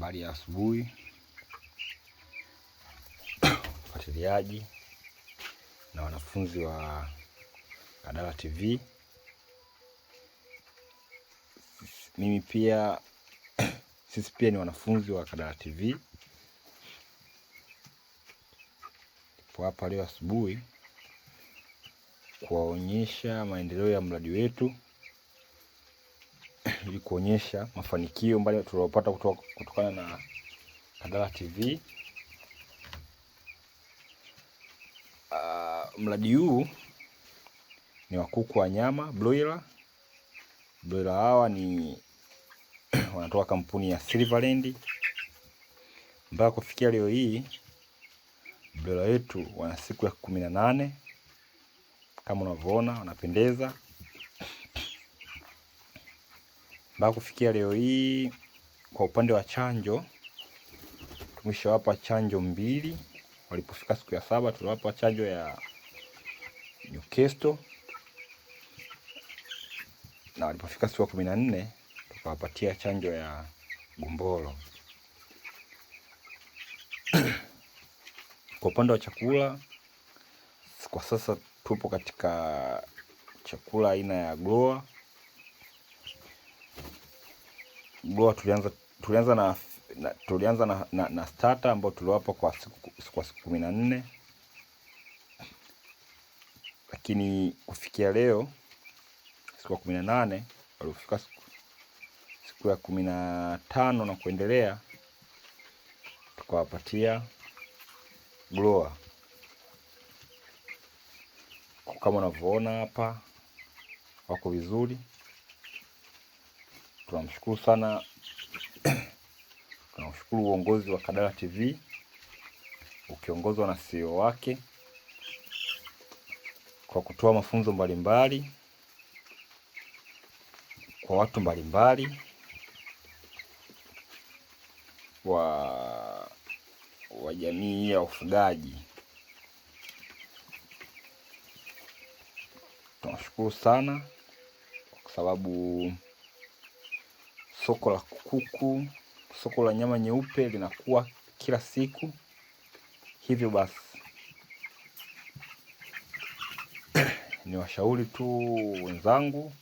Habari ya asubuhi fuatiliaji na wanafunzi wa Kadala TV. Mimi pia sisi pia ni wanafunzi wa Kadala TV. Tupo hapa leo asubuhi kuwaonyesha maendeleo ya mradi wetu ili kuonyesha mafanikio mbali tuliyopata kutokana na Kadala TV. Uh, ah, mradi huu ni wa kuku wa nyama broiler. Broiler hawa ni wanatoka kampuni ya Silverland. Mpaka kufikia leo hii broiler wetu wana siku ya kumi na nane kama unavyoona wanapendeza. Mpaka kufikia leo hii, kwa upande wa chanjo tumeshawapa chanjo mbili. Walipofika siku ya saba tuliwapa chanjo ya Newcastle na walipofika siku ya kumi na nne tukawapatia chanjo ya Gumboro. Kwa upande wa chakula kwa sasa tupo katika chakula aina ya Gloa blower tulianza tulianza na, na tulianza na, na, na starter ambayo tuliwapa kwa siku kwa siku kumi na nne lakini kufikia leo siku ya kumi na nane waliofika siku, siku ya kumi na tano na kuendelea tukawapatia blower kama unavyoona hapa, wako vizuri tunamshukuru sana tunamshukuru uongozi wa Kadala TV ukiongozwa na CEO wake kwa kutoa mafunzo mbalimbali kwa watu mbalimbali wa wa jamii ya ufugaji. Tunashukuru sana kwa sababu soko la kuku, soko la nyama nyeupe linakuwa kila siku. Hivyo basi ni washauri tu wenzangu,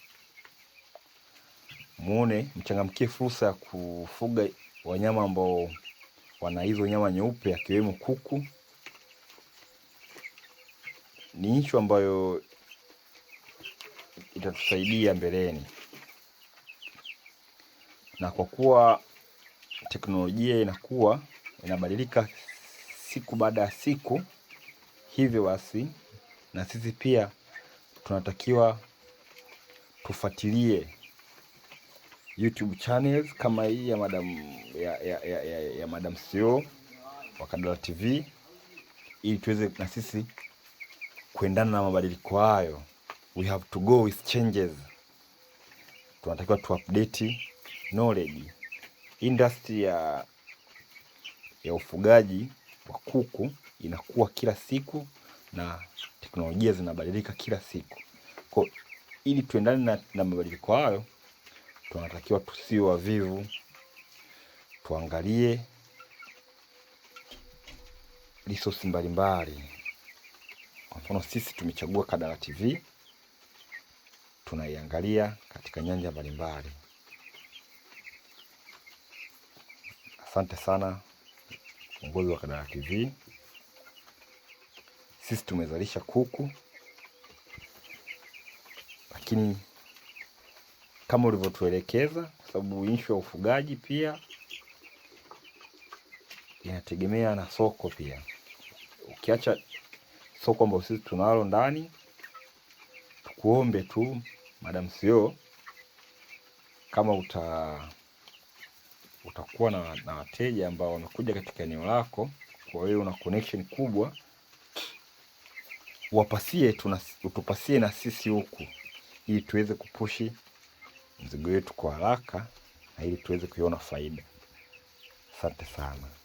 muone mchangamkie fursa ya kufuga wanyama ambao wana hizo nyama nyeupe, akiwemo kuku. Ni nchi ambayo itatusaidia mbeleni na kwa kuwa teknolojia inakuwa inabadilika siku baada ya siku, hivyo basi na sisi pia tunatakiwa tufuatilie YouTube channels kama hii ya madam ya, ya, ya, ya, ya Madam CEO wa Kadala TV ili tuweze na sisi kuendana na mabadiliko hayo. We have to go with changes. Tunatakiwa update knowledge industry ya, ya ufugaji wa kuku inakuwa kila siku na teknolojia zinabadilika kila siku. Kwa ili tuendane na, na mabadiliko hayo, tunatakiwa tusiwe wavivu, tuangalie resources mbalimbali. Kwa mfano sisi tumechagua Kadala TV tunaiangalia katika nyanja mbalimbali. Asante sana uongozi wa Kadara TV. Sisi tumezalisha kuku, lakini kama ulivyotuelekeza, kwa sababu inshu ya ufugaji pia inategemea na soko pia. Ukiacha soko ambayo sisi tunalo ndani, tukuombe tu Madam CEO, kama uta utakuwa na, na wateja ambao wamekuja katika eneo lako, kwa hiyo una connection kubwa, wapasie utupasie na sisi huku, ili tuweze kupushi mzigo wetu kwa haraka na ili tuweze kuiona faida. Asante sana.